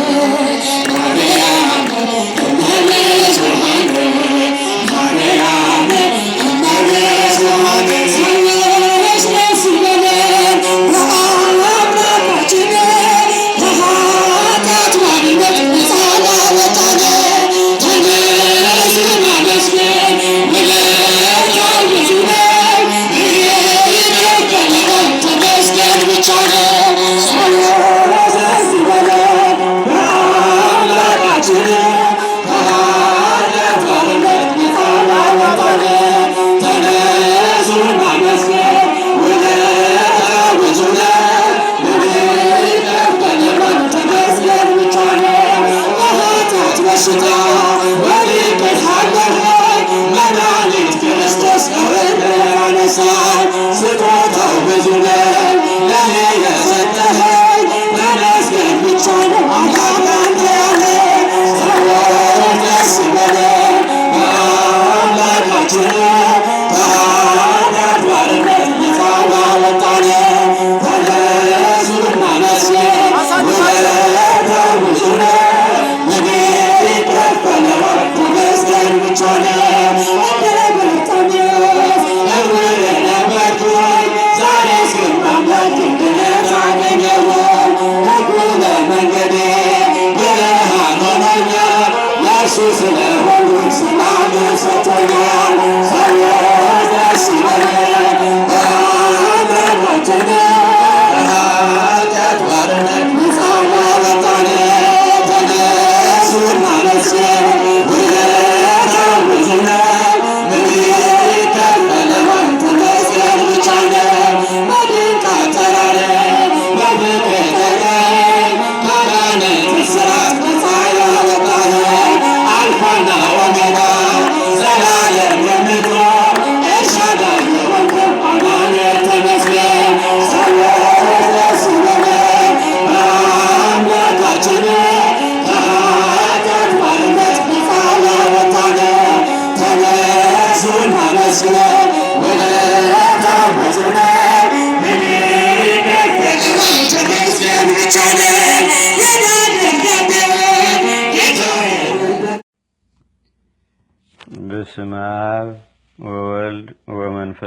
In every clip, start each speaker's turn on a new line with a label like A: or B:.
A: touch.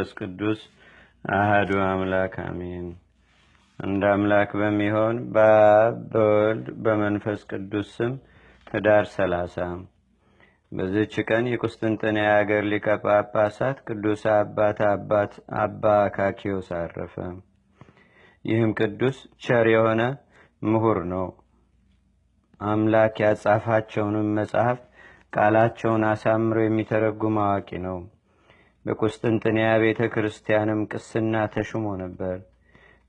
A: መንፈስ ቅዱስ አህዱ አምላክ አሜን። እንደ አምላክ በሚሆን በአብ በወልድ በመንፈስ ቅዱስ ስም ህዳር ሰላሳ በዚች ቀን የቁስጥንጥን የአገር ሊቀ ጳጳሳት ቅዱስ አባት አባት አባ አካኪዮስ አረፈ። ይህም ቅዱስ ቸር የሆነ ምሁር ነው። አምላክ ያጻፋቸውንም መጽሐፍ ቃላቸውን አሳምሮ የሚተረጉም አዋቂ ነው። በቁስጥንጥንያ ቤተ ክርስቲያንም ቅስና ተሹሞ ነበር።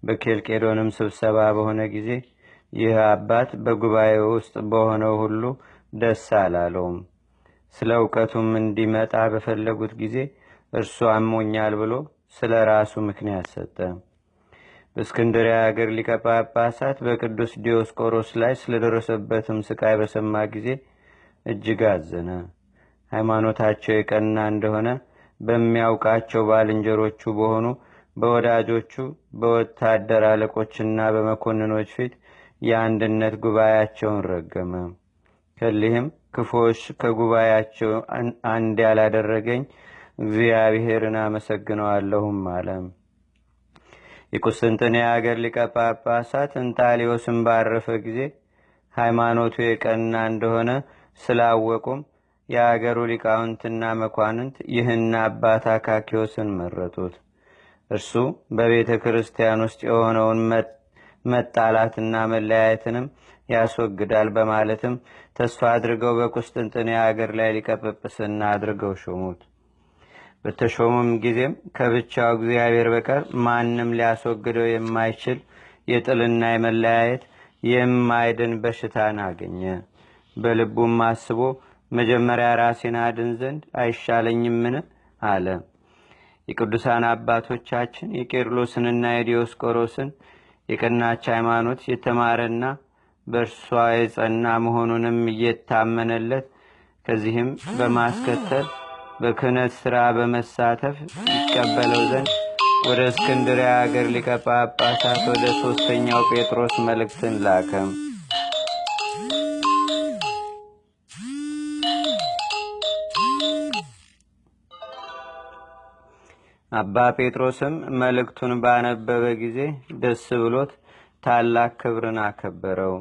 A: በኬልቄዶንም ስብሰባ በሆነ ጊዜ ይህ አባት በጉባኤ ውስጥ በሆነው ሁሉ ደስ አላለውም። ስለ እውቀቱም እንዲመጣ በፈለጉት ጊዜ እርሱ አሞኛል ብሎ ስለ ራሱ ምክንያት ሰጠ። በእስክንድሪያ አገር ሊቀ ጳጳሳት በቅዱስ ዲዮስቆሮስ ላይ ስለደረሰበትም ስቃይ በሰማ ጊዜ እጅግ አዘነ። ሃይማኖታቸው የቀና እንደሆነ በሚያውቃቸው ባልንጀሮቹ በሆኑ በወዳጆቹ በወታደር አለቆችና በመኮንኖች ፊት የአንድነት ጉባኤያቸውን ረገመ። ከሊህም ክፎች ከጉባኤያቸው አንድ ያላደረገኝ እግዚአብሔርን አመሰግነዋለሁም አለ። የቁስንጥን የአገር ሊቀ ጳጳሳት እንጣሊዮስን ባረፈ ጊዜ ሃይማኖቱ የቀና እንደሆነ ስላወቁም የአገሩ ሊቃውንትና መኳንንት ይህን አባት አካኪዎስን መረጡት። እርሱ በቤተ ክርስቲያን ውስጥ የሆነውን መጣላትና መለያየትንም ያስወግዳል በማለትም ተስፋ አድርገው በቁስጥንጥን የአገር ላይ ሊቀጵጵስና አድርገው ሾሙት። በተሾሙም ጊዜም ከብቻው እግዚአብሔር በቀር ማንም ሊያስወግደው የማይችል የጥልና የመለያየት የማይድን በሽታን አገኘ። በልቡም አስቦ መጀመሪያ ራሴን አድን ዘንድ አይሻለኝምን? አለ። የቅዱሳን አባቶቻችን የቄርሎስንና የዲዮስቆሮስን የቀናች ሃይማኖት የተማረና በእርሷ የጸና መሆኑንም እየታመነለት ከዚህም በማስከተል በክህነት ሥራ በመሳተፍ ይቀበለው ዘንድ ወደ እስክንድሪያ አገር ሊቀ ወደ ሦስተኛው ጴጥሮስ መልእክትን ላከም። አባ ጴጥሮስም መልእክቱን ባነበበ ጊዜ ደስ ብሎት ታላቅ ክብርን አከበረው።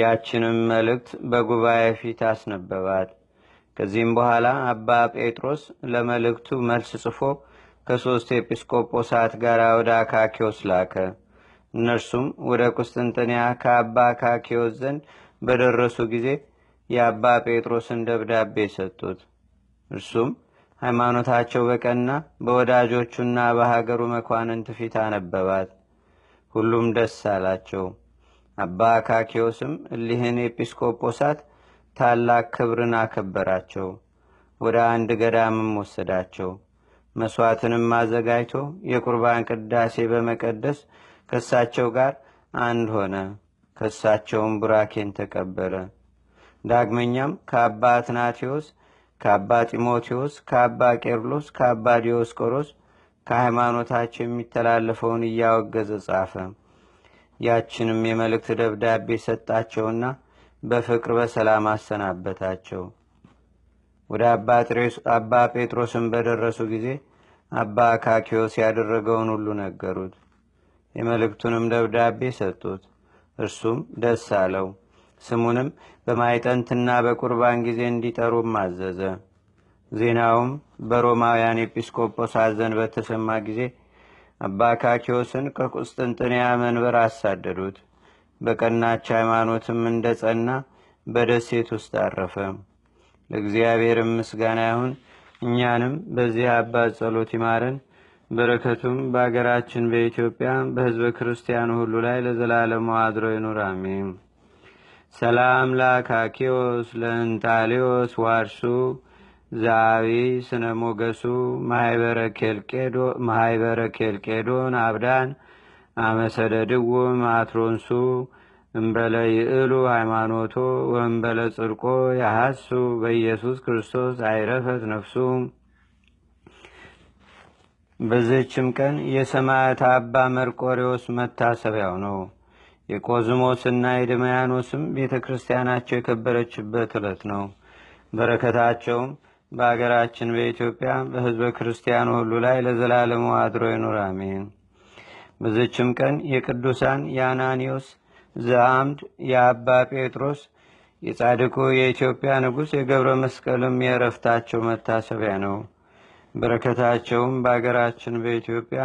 A: ያችንም መልእክት በጉባኤ ፊት አስነበባት። ከዚህም በኋላ አባ ጴጥሮስ ለመልእክቱ መልስ ጽፎ ከሦስት ኤጲስቆጶሳት ጋር ወደ አካኪዎስ ላከ። እነርሱም ወደ ቁስጥንጥንያ ከአባ አካኪዎስ ዘንድ በደረሱ ጊዜ የአባ ጴጥሮስን ደብዳቤ ሰጡት። እርሱም ሃይማኖታቸው በቀና በወዳጆቹና በሀገሩ መኳንንት ፊት አነበባት። ሁሉም ደስ አላቸው። አባ አካኪዎስም እሊህን ኤጲስቆጶሳት ታላቅ ክብርን አከበራቸው። ወደ አንድ ገዳምም ወሰዳቸው። መሥዋዕትንም አዘጋጅቶ የቁርባን ቅዳሴ በመቀደስ ከሳቸው ጋር አንድ ሆነ። ከእሳቸውም ቡራኬን ተቀበለ። ዳግመኛም ከአባ አትናቴዎስ ከአባ ጢሞቴዎስ፣ ከአባ ቄርሎስ፣ ከአባ ዲዮስቆሮስ ከሃይማኖታቸው የሚተላለፈውን እያወገዘ ጻፈ። ያችንም የመልእክት ደብዳቤ ሰጣቸውና በፍቅር በሰላም አሰናበታቸው። ወደ አባ ጴጥሮስም በደረሱ ጊዜ አባ አካኪዎስ ያደረገውን ሁሉ ነገሩት። የመልእክቱንም ደብዳቤ ሰጡት። እርሱም ደስ አለው። ስሙንም በማይጠንትና በቁርባን ጊዜ እንዲጠሩም አዘዘ። ዜናውም በሮማውያን ኤጲስቆጶስ አዘን በተሰማ ጊዜ አባ ካኪዎስን ከቁስጥንጥንያ መንበር አሳደዱት። በቀናች ሃይማኖትም እንደ ጸና በደሴት ውስጥ አረፈ። ለእግዚአብሔርም ምስጋና ይሁን። እኛንም በዚህ አባት ጸሎት ይማረን። በረከቱም በአገራችን በኢትዮጵያ በህዝበ ክርስቲያኑ ሁሉ ላይ ለዘላለሙ አድሮ ይኑር። አሜም ሰላም ላካኪዎስ ለእንጣሊዎስ ዋርሱ ዛቢ ስነ ሞገሱ ማይበረ ኬልቄዶን አብዳን አመሰደድዎ አትሮንሱ እምበለ ይእሉ ሃይማኖቶ ወእምበለ ጽድቆ ያሃሱ በኢየሱስ ክርስቶስ አይረፈት ነፍሱ። በዘችም ቀን የሰማያት አባ መርቆሪዎስ መታሰቢያው ነው። የቆዝሞስና የድማያኖስም ቤተ ክርስቲያናቸው የከበረችበት ዕለት ነው። በረከታቸውም በአገራችን በኢትዮጵያ በህዝበ ክርስቲያኑ ሁሉ ላይ ለዘላለሙ አድሮ ይኑር፣ አሜን። በዘችም ቀን የቅዱሳን የአናኒዮስ ዘአምድ የአባ ጴጥሮስ የጻድቁ የኢትዮጵያ ንጉሥ የገብረ መስቀልም የረፍታቸው መታሰቢያ ነው። በረከታቸውም በአገራችን በኢትዮጵያ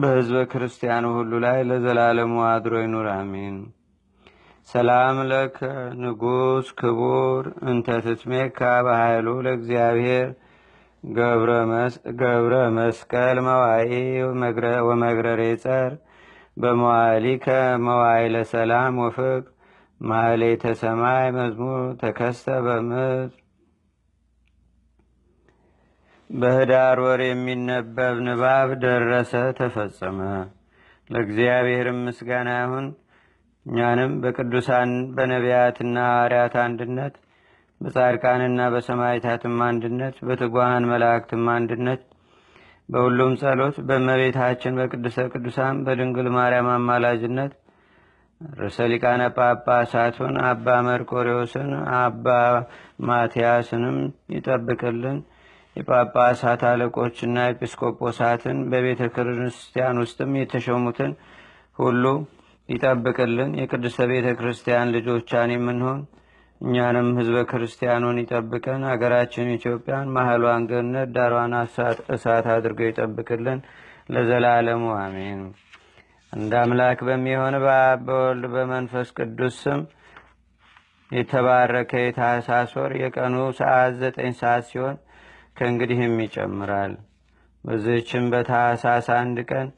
A: በሕዝበ ክርስቲያኑ ሁሉ ላይ ለዘላለሙ አድሮ ይኑር፣ አሜን። ሰላም ለከ ንጉሥ ክቡር እንተ ትትሜካ በኃይሉ ለእግዚአብሔር ገብረ መስቀል መዋይ ወመግረሬ ጸር በመዋዕሊከ መዋይ ለሰላም ወፍቅ ማሌ ተሰማይ መዝሙር ተከስተ በምድር በህዳር ወር የሚነበብ ንባብ ደረሰ፣ ተፈጸመ። ለእግዚአብሔር ምስጋና ይሁን። እኛንም በቅዱሳን በነቢያትና አርያት አንድነት፣ በጻድቃንና በሰማይታትም አንድነት፣ በትጓሃን መላእክትም አንድነት፣ በሁሉም ጸሎት በመቤታችን በቅዱሰ ቅዱሳን በድንግል ማርያም አማላጅነት ርዕሰ ሊቃነ ጳጳሳቱን አባ መርቆሪዎስን አባ ማቲያስንም ይጠብቅልን። የጳጳሳት አለቆችና ኤጲስቆጶሳትን በቤተ ክርስቲያን ውስጥም የተሾሙትን ሁሉ ይጠብቅልን። የቅድስተ ቤተ ክርስቲያን ልጆቻን የምንሆን እኛንም ህዝበ ክርስቲያኑን ይጠብቀን። አገራችን ኢትዮጵያን ማህሏን ገነት ዳሯን እሳት አድርገው ይጠብቅልን ለዘላለሙ አሜን። እንደ አምላክ በሚሆን በአብ በወልድ በመንፈስ ቅዱስ ስም የተባረከ የታህሳስ ወር የቀኑ ሰዓት ዘጠኝ ሰዓት ሲሆን ከእንግዲህም ይጨምራል። በዝህችን በታሳስ አንድ ቀን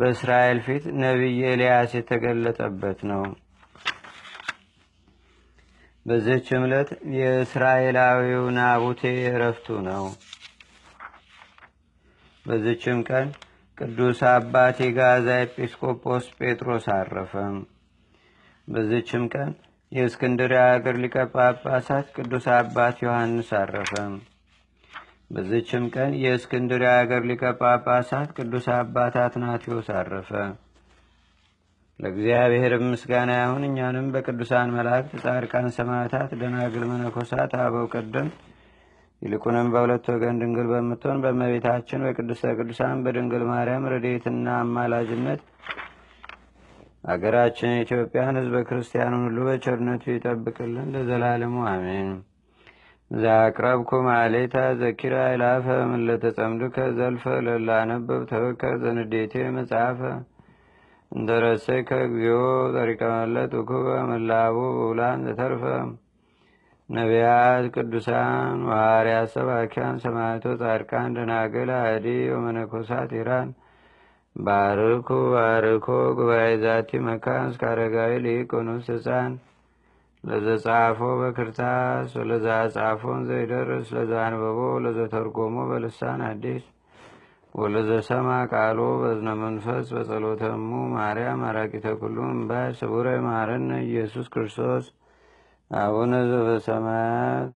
A: በእስራኤል ፊት ነቢይ ኤልያስ የተገለጠበት ነው። በዝህች ምለት የእስራኤላዊው ናቡቴ እረፍቱ ነው። በዚችም ቀን ቅዱስ አባት የጋዛ ኤጲስቆጶስ ጴጥሮስ አረፈም። በዚችም ቀን የእስክንድሪ አገር ሊቀጳጳሳት ጳጳሳት ቅዱስ አባት ዮሐንስ አረፈም። በዝችም ቀን የእስክንድርያ አገር ሊቀ ጳጳሳት ቅዱስ አባት አትናቴዎስ አረፈ። ለእግዚአብሔር ምስጋና ይሁን። እኛንም በቅዱሳን መላእክት፣ ጻድቃን፣ ሰማዕታት፣ ደናግል፣ መነኮሳት፣ አበው ቅድም ይልቁንም በሁለት ወገን ድንግል በምትሆን በመቤታችን በቅድስተ ቅዱሳን በድንግል ማርያም ረዴትና አማላጅነት አገራችን ኢትዮጵያን፣ ህዝበ ክርስቲያኑን ሁሉ በቸርነቱ ይጠብቅልን ለዘላለሙ አሜን። ዘአቅረብኩ ማሌታ ዘኪራ ይላፈ ምለተጸምድከ ዘልፈ ለላነበብ ተበከ ዘንዴቴ መጽሐፈ እንደረሰይ እግዚኦ ጠሪቀመለት ውክበ መላቡ ብውላን ዘተርፈ ነቢያት፣ ቅዱሳን፣ ዋርያ ሰባኪያን፣ ሰማዕቶ፣ ጻድቃን፣ ደናግል፣ አዲ ወመነኮሳት ኢራን ባርኩ ባርኮ ጉባኤ ዛቲ መካን እስከ አረጋዊ ህፃን ለዘጻፎ በክርታስ ወለዛ ዘይደርስ ለዛ ለዘተርጎሞ በልሳን አዲስ ወለዘሰማ ቃሎ በዝነ መንፈስ በጸሎተሙ ማርያም አራቂተ ኩሉ ባ ስቡረ ማረነ ኢየሱስ ክርስቶስ አቡነ ዘበሰማያት